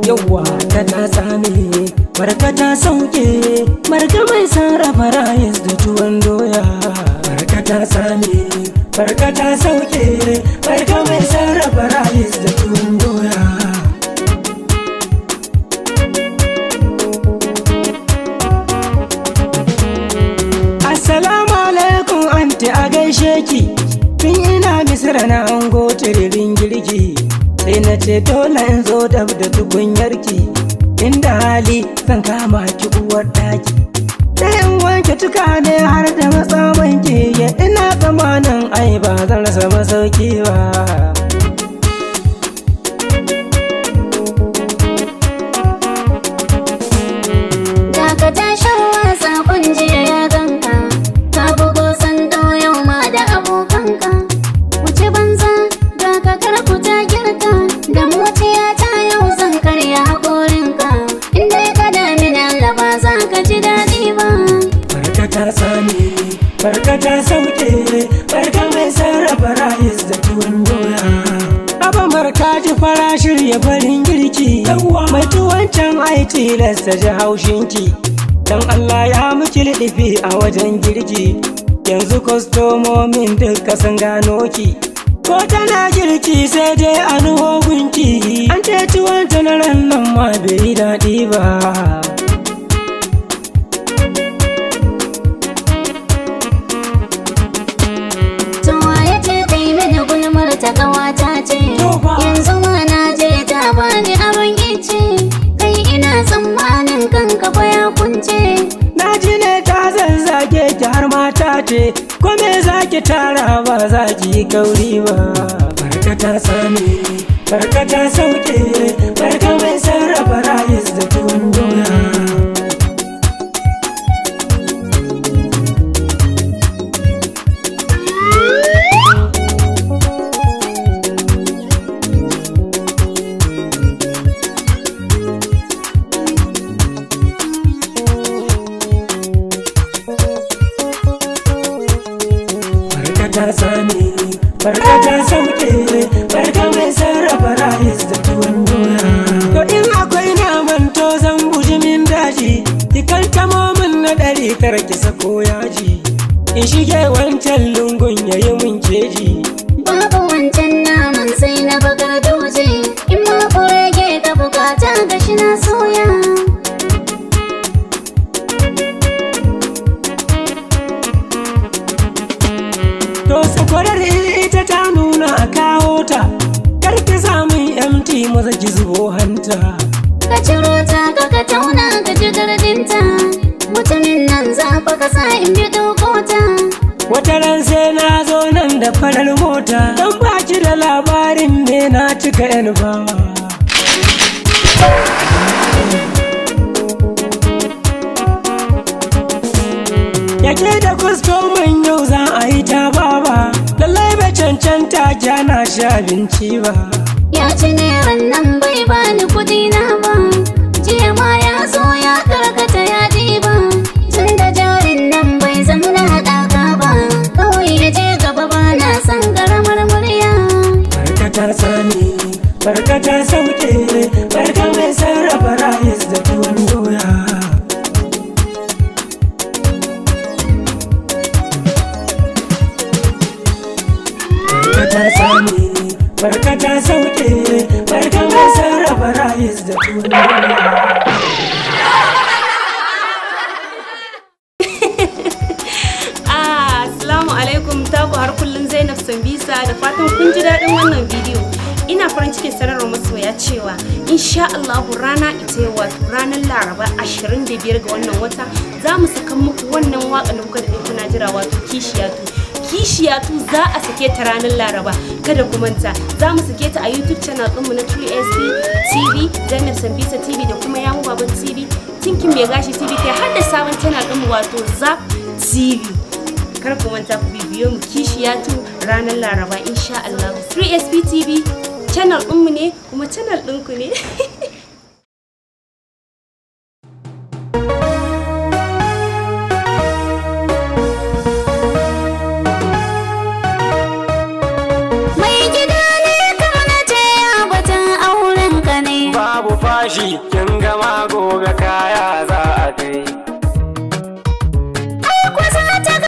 Yawwa ta ta tsami barka ta sauke, barka mai sarrafa rayis da tuwon doya. Barka ta sami, barka ta sauke, barka mai sarrafa rayis da tuwon doya. gaishe ki tun ina misira na ango tiririn girki sai na ce dole in zo da da tukunyarki inda hali zan kama ki uwar ɗaki ɗayan wanke tuka ne har da matsamanki ya ina tsamanin ai ba zan rasa masauki ba ne barka ta sauke barka mai sarrafa rayis da tuwon doya abamar ka ji fara shirya barin girki mai tuwon can ai tilasta ji haushinki dan Allah ya miki liɗifi a wajen girki yanzu kwastomomin duka sun gano ki ko tana girki sai dai a nuhogunki an ce tuwon tana ran nan ma bai yi daɗi ba ta ko me zaki tara ba za ki kauri ba barka ta barkata barka sauke in shige wancan lungun ya yi mun keji babu wancan naman sai na baka doje in ma kurege ka bukata ga shi na soya to sakwarar ita ta nuna a kawo ta karfi samun mt maza ki zubo hanta ka ciro ta ka ka tauna ka ji gardinta mutumin nan za ka sa in bi doka mota wata ran sai na zo nan da farar mota Don ba ki da labarin ne na cika yan bawa yake da kwastomin yau za a yi ta baba lallai bai cancanta jana shi abinci ba ya ci ne wannan bai bani kudi na ba barka ta sauke barka ma sarrafa rayis da tuna ah, alaikum taku har kullum zainab sambisa da fatan kun ji daɗin wannan bidiyo ina farin cikin sanarwar masoya cewa insha Allahu rana ita yau wato ranar laraba 25 ga wannan wata za mu saka muku wannan waƙa da kuka da kuna jira wato kishiya kishiya tu za a sake ta ranar laraba kada ku manta za mu sake ta a youtube channel ɗinmu na true sd tv zainab sambisa tv da kuma yamu baban tv tinkin mai gashi tv kai har da sabon channel ɗinmu wato zap tv kar ku manta ku bibiyo mu kishiya tu ranar laraba insha allah true sd tv channel ɗinmu ne kuma channel ɗinku ne